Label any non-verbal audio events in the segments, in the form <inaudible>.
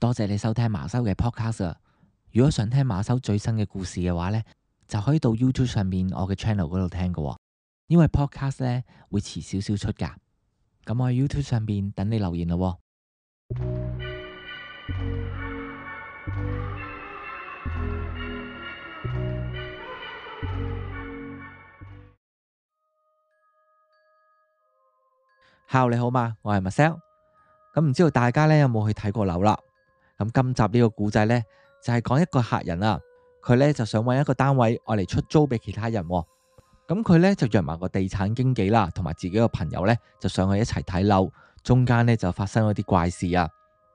多謝你收聽馬修嘅 podcast。如果想聽馬修最新嘅故事嘅話呢，就可以到 YouTube 上面我嘅 channel 嗰度聽噶。因為 podcast 呢會遲少少出噶。咁我喺 YouTube 上面等你留言咯、哦。 <music> Hello，你好嘛？我係 Marcel。咁唔知道大家呢有冇去睇過樓啦？咁今集呢個古仔呢，就係、是、講一個客人啊。佢呢就想搵一個單位愛嚟出租俾其他人、啊。咁佢呢就約埋個地產經紀啦，同埋自己個朋友呢，就上去一齊睇樓，中間呢就發生咗啲怪事啊！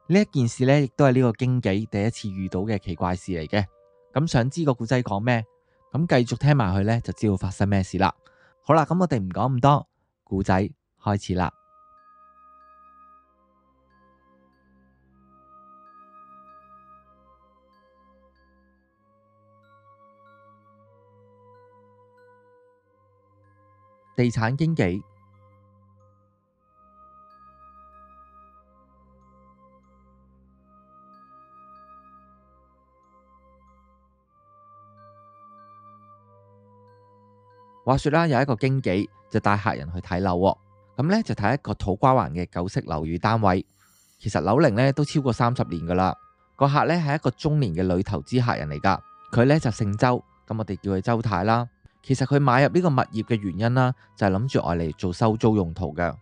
呢一件事呢，亦都係呢個經紀第一次遇到嘅奇怪事嚟嘅。咁想知個古仔講咩？咁繼續聽埋去呢，就知道發生咩事啦。好啦，咁我哋唔講咁多，古仔開始啦。地產經紀，話說啦，有一個經紀就帶客人去睇樓，咁呢，就睇一個土瓜灣嘅九色樓宇單位。其實樓齡呢都超過三十年噶啦。個客呢係一個中年嘅女投資客人嚟噶，佢呢就姓周，咁我哋叫佢周太啦。其實佢買入呢個物業嘅原因啦，就係諗住攞嚟做收租用途嘅，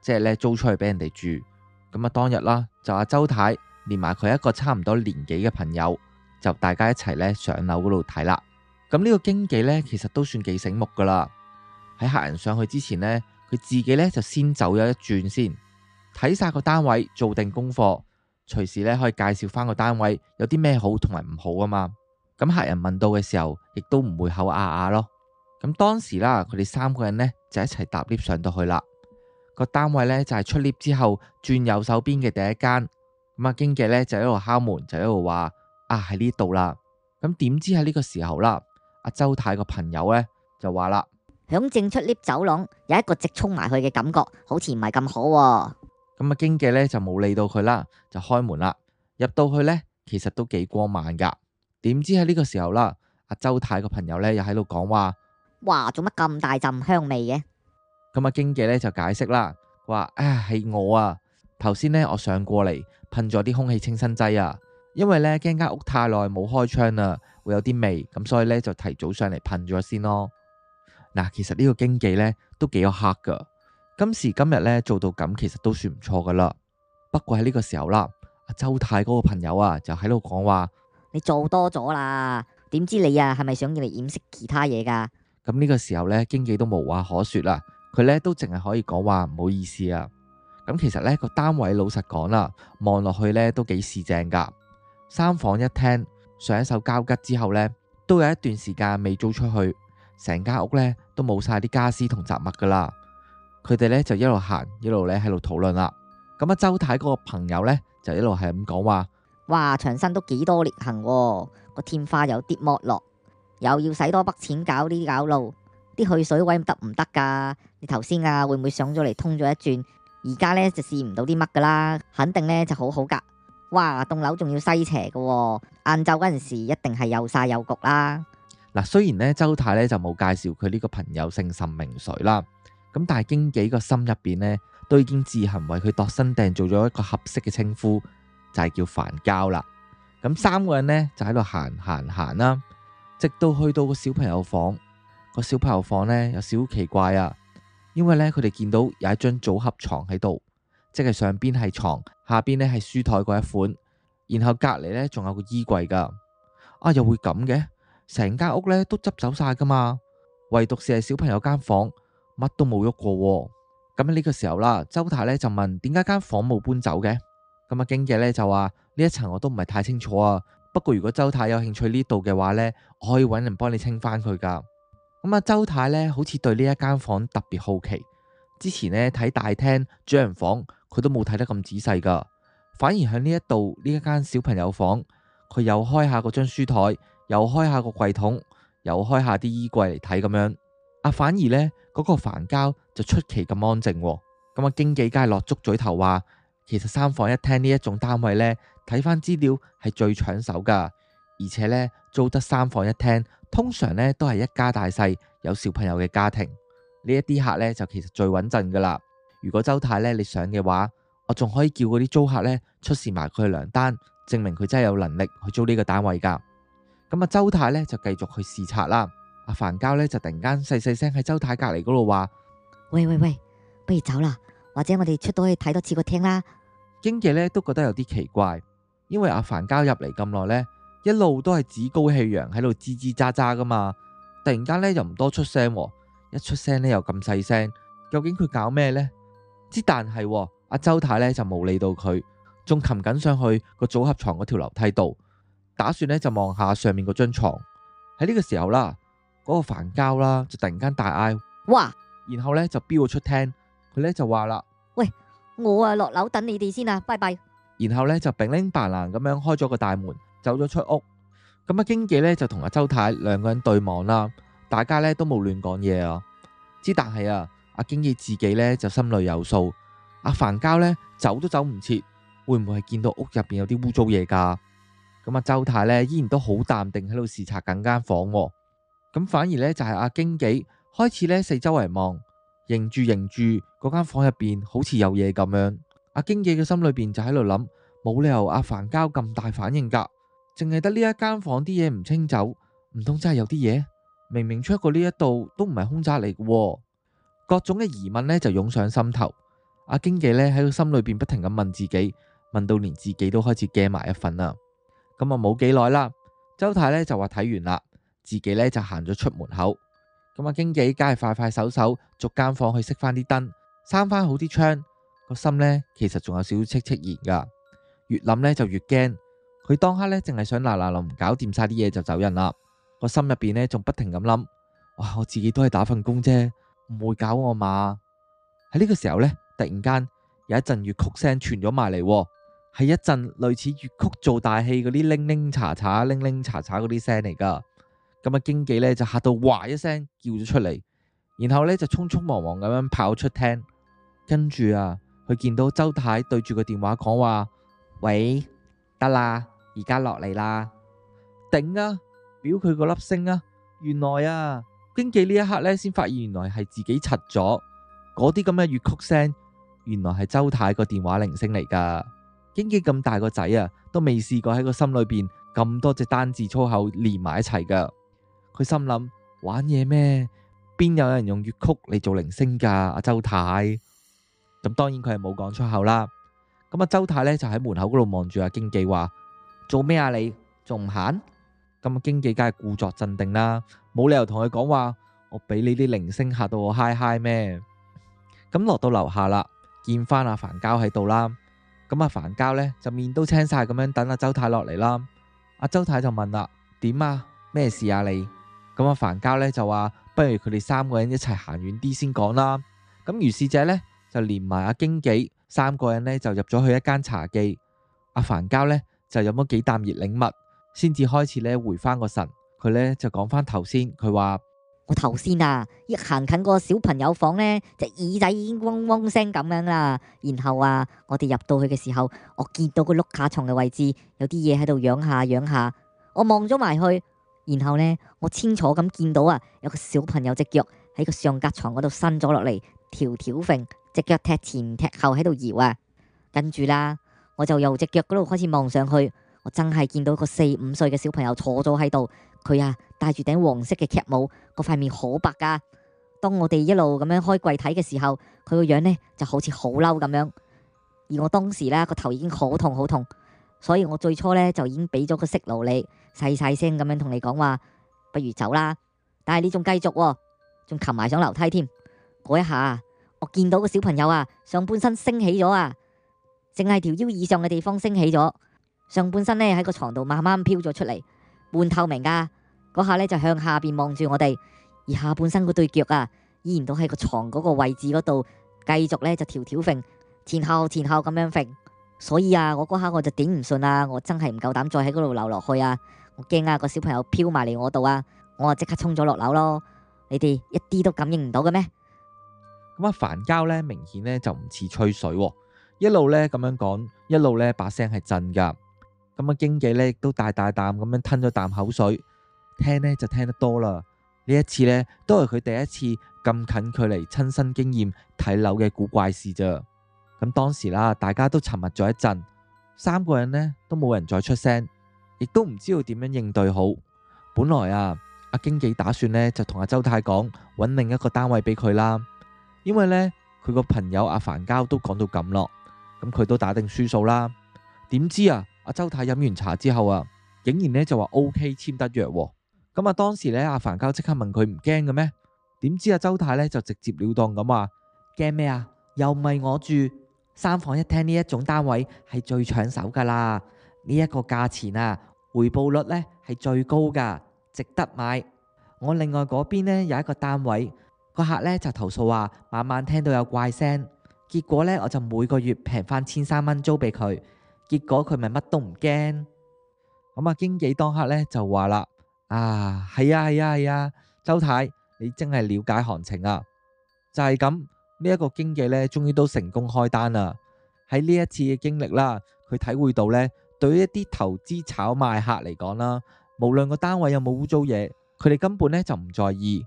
即係咧租出去俾人哋住。咁啊，當日啦就阿周太連埋佢一個差唔多年紀嘅朋友，就大家一齊咧上樓嗰度睇啦。咁呢個經紀咧其實都算幾醒目噶啦。喺客人上去之前呢，佢自己咧就先走咗一轉先，睇晒個單位，做定功課，隨時咧可以介紹翻個單位有啲咩好同埋唔好啊嘛。咁客人問到嘅時候，亦都唔會口啞啞咯。咁當時啦，佢哋三個人咧就一齊搭 lift 上到去啦。個單位咧就係出 lift 之後轉右手邊嘅第一間。咁啊，經紀咧就喺度敲門，就喺度話：啊喺呢度啦。咁點知喺呢個時候啦，阿周太個朋友咧就話啦：響正出 lift 走廊有一個直衝埋去嘅感覺，好似唔係咁好。咁啊，經紀咧就冇理到佢啦，就開門啦。入到去咧其實都幾光猛㗎。點知喺呢個時候啦，阿周太個朋友咧又喺度講話。哇，做乜咁大陣香味嘅？咁啊，經紀咧就解釋啦，話啊係我啊，頭先咧我上過嚟噴咗啲空氣清新劑啊，因為咧驚間屋太耐冇開窗啦，會有啲味，咁所以咧就提早上嚟噴咗先咯。嗱、啊，其實呢個經紀咧都幾有客噶，今時今日咧做到咁，其實都算唔錯噶啦。不過喺呢個時候啦，周太嗰個朋友啊就喺度講話，你做多咗啦，點知你啊係咪想要嚟掩飾其他嘢噶？咁呢個時候呢，經紀都無話可說啦，佢呢都淨係可以講話唔好意思啊。咁其實呢個單位老實講啦，望落去呢都幾市正噶，三房一廳，上一手交吉之後呢，都有一段時間未租出去，成間屋呢都冇晒啲家私同雜物噶啦。佢哋呢就一路行，一路呢喺度討論啦。咁啊，周太嗰個朋友呢，就一路係咁講話，哇，牆身都幾多裂痕、啊，個天花有啲剝落。又要使多筆錢搞呢啲搞路，啲去水位得唔得噶？你頭先啊會唔會上咗嚟通咗一轉，而家呢，就試唔到啲乜噶啦，肯定呢就好好噶。哇，棟樓仲要西斜噶喎，晏晝嗰陣時一定係又曬又焗啦。嗱，雖然呢，周太呢就冇介紹佢呢個朋友姓甚名誰啦，咁但係經紀個心入邊呢，都已經自行為佢度身訂做咗一個合適嘅稱呼，就係、是、叫煩膠啦。咁三個人呢，就喺度行行行啦。行直到去到個小朋友房，個小朋友房呢有少少奇怪啊，因為呢，佢哋見到有一張組合牀喺度，即係上邊係牀，下邊呢係書台嗰一款，然後隔籬呢仲有個衣櫃噶，啊又會咁嘅，成間屋呢都執走晒噶嘛，唯獨是係小朋友間房乜都冇喐過、啊，咁喺呢個時候啦，周太呢就問點解間房冇搬走嘅，咁啊經紀呢就話呢一層我都唔係太清楚啊。不過如果周太有興趣呢度嘅話呢，我可以搵人幫你清翻佢噶。咁、嗯、啊，周太呢好似對呢一間房特別好奇。之前呢睇大廳主人房，佢都冇睇得咁仔細噶，反而向呢一度呢一間小朋友房，佢又開下嗰張書台，又開下個櫃桶，又開下啲衣櫃嚟睇咁樣。啊，反而呢嗰、那個梵交就出奇咁安靜。咁、嗯、啊，經紀街落足嘴頭話，其實三房一廳呢一種單位呢。睇翻資料係最搶手噶，而且呢，租得三房一廳，通常呢都係一家大細有小朋友嘅家庭。呢一啲客呢就其實最穩陣噶啦。如果周太呢，你想嘅話，我仲可以叫嗰啲租客呢出示埋佢嘅糧單，證明佢真係有能力去租呢個單位噶。咁、嗯、啊，周太呢就繼續去視察啦。阿凡交呢就突然間細細聲喺周太隔籬嗰度話：喂喂喂，不如走啦，或者我哋出到去睇多次個廳啦。經紀呢都覺得有啲奇怪。因為阿、啊、凡膠入嚟咁耐呢一路都係趾高氣揚喺度吱吱喳喳噶嘛，突然間呢又唔多出聲，一出聲呢又咁細聲，究竟佢搞咩呢？之但係阿、啊、周太呢就冇理到佢，仲擒緊上去個組合床嗰條樓梯度，打算呢就望下上面嗰張床。喺呢個時候啦，嗰、那個凡膠啦就突然間大嗌：哇！然後呢就飆咗出廳，佢呢就話啦：喂，我啊落樓等你哋先啊，拜拜。然後咧就并拎白難咁樣開咗個大門，走咗出屋。咁阿經紀咧就同阿周太兩個人對望啦，大家咧都冇亂講嘢啊。之但係啊，阿經紀自己咧就心裏有數，阿、啊、凡交咧走都走唔切，會唔會係見到屋入邊有啲污糟嘢噶？咁、啊、阿周太咧依然都好淡定喺度視察緊間房，咁反而咧就係阿經紀開始咧四周圍望，凝住凝住嗰間房入邊好似有嘢咁樣。阿經紀嘅心裏邊就喺度諗，冇理由阿凡交咁大反應噶淨係得呢一間房啲嘢唔清走，唔通真係有啲嘢？明明出過呢一度都唔係空扎嚟嘅，各種嘅疑問呢就湧上心頭。阿經紀呢，喺佢心裏邊不停咁問自己，問到連自己都開始驚埋一份啦。咁啊冇幾耐啦，周太呢就話睇完啦，自己呢就行咗出門口。咁阿經紀梗係快快手手逐間房去熄返啲燈，閂返好啲窗。個心呢，其實仲有少少戚戚然噶越諗呢就越驚。佢當刻呢淨係想嗱嗱臨搞掂晒啲嘢就走人啦。個心入邊呢，仲不停咁諗：，哇，我自己都係打份工啫，唔會搞我嘛。喺呢個時候呢，突然間有一陣粵曲聲傳咗埋嚟，係一陣類似粵曲做大戲嗰啲鈴鈴查查鈴鈴查查嗰啲聲嚟噶。咁嘅經紀呢，就吓到，哇一聲叫咗出嚟，然後呢，就匆匆忙忙咁樣跑出廳，跟住啊。.佢見到周太對住個電話講話：，喂，得啦，而家落嚟啦，頂啊，表佢個粒星啊！原來啊，經紀呢一刻呢，先發現原來係自己柒咗。嗰啲咁嘅粵曲聲，原來係周太個電話鈴聲嚟噶。經紀咁大個仔啊，都未試過喺個心裏邊咁多隻單字粗口連埋一齊噶。佢心諗，玩嘢咩？邊有人用粵曲嚟做鈴聲㗎？阿周太。咁當然佢係冇講出口啦。咁啊，周太咧，就喺門口嗰度望住阿經紀話，做咩啊你？你仲唔行咁？經紀梗係故作鎮定啦，冇理由同佢講話我俾你啲鈴聲嚇到我嗨嗨咩？咁落到樓下啦，見翻阿、啊、樊交，喺度啦。咁、啊、阿樊交呢，就面都青晒咁樣，等阿、啊、周太落嚟啦。阿、啊、周太就問啦，點啊？咩事啊你？你咁阿樊交呢，就話不如佢哋三個人一齊行遠啲先講啦。咁如是者呢。就連埋阿經紀三個人呢，就入咗去一間茶記。阿凡焦呢就飲咗幾啖熱檸蜜，先至開始呢回返個神。佢呢就講返頭先，佢話我頭先啊，一行近個小朋友房呢，隻耳仔已經嗡嗡聲咁樣啦。然後啊，我哋入到去嘅時候，我見到個碌架床嘅位置有啲嘢喺度仰下仰下，我望咗埋去，然後呢，我清楚咁見到啊，有個小朋友隻腳喺個上格床嗰度伸咗落嚟，條條揈。隻腳踢前踢後喺度搖啊，跟住啦，我就由隻腳嗰度開始望上去，我真係見到個四五歲嘅小朋友坐咗喺度，佢啊戴住頂黃色嘅 cap 帽，嗰塊面好白噶、啊。當我哋一路咁樣開櫃睇嘅時候，佢個樣咧就好似好嬲咁樣。而我當時咧個頭已經好痛好痛，所以我最初咧就已經俾咗個 signal 你細細聲咁樣同你講話，不如走啦。但係你仲繼續、啊，仲擒埋上樓梯添。嗰一下、啊。我見到個小朋友啊，上半身升起咗啊，淨係條腰以上嘅地方升起咗，上半身咧喺個床度慢慢飄咗出嚟，半透明噶，嗰下咧就向下邊望住我哋，而下半身嗰對腳啊，依然都喺個床嗰個位置嗰度，繼續咧就條條揈，前後前後咁樣揈，所以啊，我嗰下我就頂唔順啊，我真係唔夠膽再喺嗰度留落去啊，我驚啊個小朋友飄埋嚟我度啊，我啊即刻衝咗落樓咯，你哋一啲都感應唔到嘅咩？咁啊，樊交咧明顯咧就唔似吹水，哦，一路咧咁樣講，一路咧把聲係震噶。咁啊，經紀咧都大大啖咁樣吞咗啖口水，聽咧就聽得多啦。呢一次咧都係佢第一次咁近距離親身經驗睇樓嘅古怪事咋。咁當時啦，大家都沉默咗一陣，三個人呢都冇人再出聲，亦都唔知道點樣應對好。本來啊，阿、啊、經紀打算呢，就同阿、啊、周太講，揾另一個單位俾佢啦。因為呢，佢個朋友阿凡交都講到咁咯，咁佢都打定輸數啦。點知啊，阿周太飲完茶之後啊，竟然呢就話 OK 簽得約，啊。咁啊，當時呢，阿凡交即刻問佢唔驚嘅咩？點知阿、啊、周太呢就直接了當咁話驚咩啊？又唔係我住三房一廳呢一種單位係最搶手噶啦，呢、這、一個價錢啊，回報率呢係最高噶，值得買。我另外嗰邊呢，有一個單位。個客咧就投訴話晚晚聽到有怪聲，結果咧我就每個月平翻千三蚊租俾佢，結果佢咪乜都唔驚咁啊。經紀當刻咧就話啦：啊係啊係啊係啊，周太你真係了解行情啊！就係咁呢一個經紀咧，終於都成功開單啦。喺呢一次嘅經歷啦，佢體會到咧，對於一啲投資炒賣客嚟講啦，無論個單位有冇污糟嘢，佢哋根本咧就唔在意。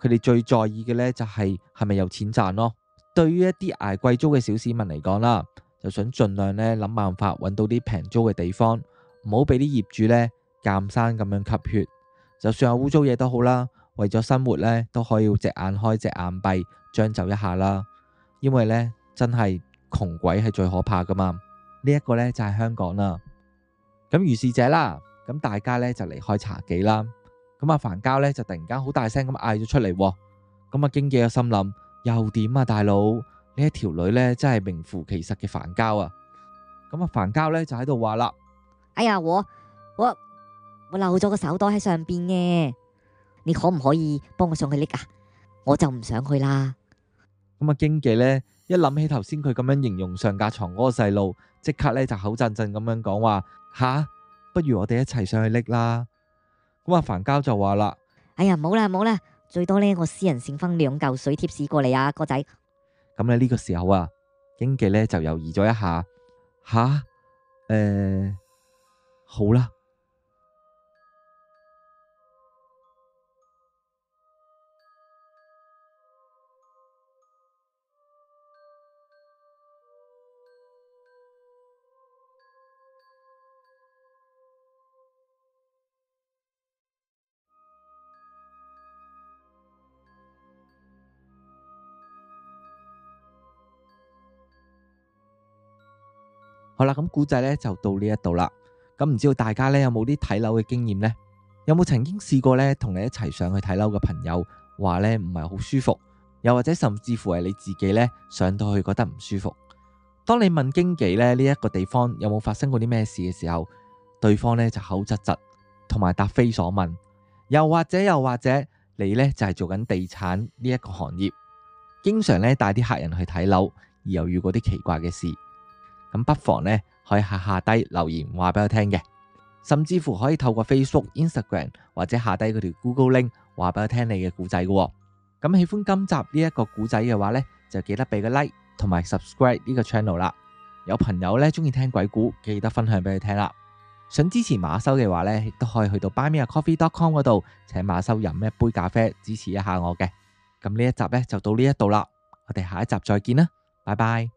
佢哋最在意嘅呢，就係係咪有錢賺咯？對於一啲捱貴租嘅小市民嚟講啦，就想盡量呢諗辦法搵到啲平租嘅地方，唔好俾啲業主呢監生咁樣吸血。就算有污糟嘢都好啦，為咗生活呢，都可以隻眼開隻眼閉將就一下啦。因為呢，真係窮鬼係最可怕噶嘛。呢、這、一個呢，就係、是、香港啦。咁如是者啦，咁大家呢，就離開茶記啦。咁阿煩膠咧就突然間好大聲咁嗌咗出嚟，哦，咁啊經紀有心諗又點啊大佬，呢一條女咧真係名副其實嘅煩膠啊！咁啊煩膠咧就喺度話啦：哎呀我我我漏咗個手袋喺上邊嘅，你可唔可以幫我上去拎啊？我就唔上去啦。咁啊經紀咧一諗起頭先佢咁樣形容上架床嗰個細路，即刻咧就口震震咁樣講話：吓，啊，不如我哋一齊上去拎啦，啊！咁阿樊郊就話啦：哎呀，冇啦冇啦，最多咧，我私人送翻兩嚿水貼士過嚟啊，哥仔。咁咧呢個時候啊，經紀咧就猶豫咗一下，吓，誒、呃，好啦。好啦，咁古仔呢就到呢一度啦。咁唔知道大家呢有冇啲睇樓嘅經驗呢？有冇曾經試過呢？同你一齊上去睇樓嘅朋友話呢，唔係好舒服，又或者甚至乎係你自己呢，上到去覺得唔舒服。當你問經紀呢呢一個地方有冇發生過啲咩事嘅時候，對方呢就口窒窒，同埋答非所問。又或者又或者你呢，就係做緊地產呢一個行業，經常呢帶啲客人去睇樓，而又遇過啲奇怪嘅事。咁不妨呢，可以下下低留言話俾我聽嘅，甚至乎可以透過 Facebook、Instagram 或者下低嗰條 Google link 話俾我聽你嘅故仔嘅。咁、嗯、喜歡今集呢一個故仔嘅話呢，就記得俾個 like 同埋 subscribe 呢個 channel 啦。有朋友呢，中意聽鬼故，記得分享俾佢聽啦。想支持馬修嘅話呢，亦都可以去到 BuyMeACoffee.com 嗰度，請馬修飲一杯咖啡支持一下我嘅。咁、嗯、呢一集呢，就到呢一度啦，我哋下一集再見啦，拜拜。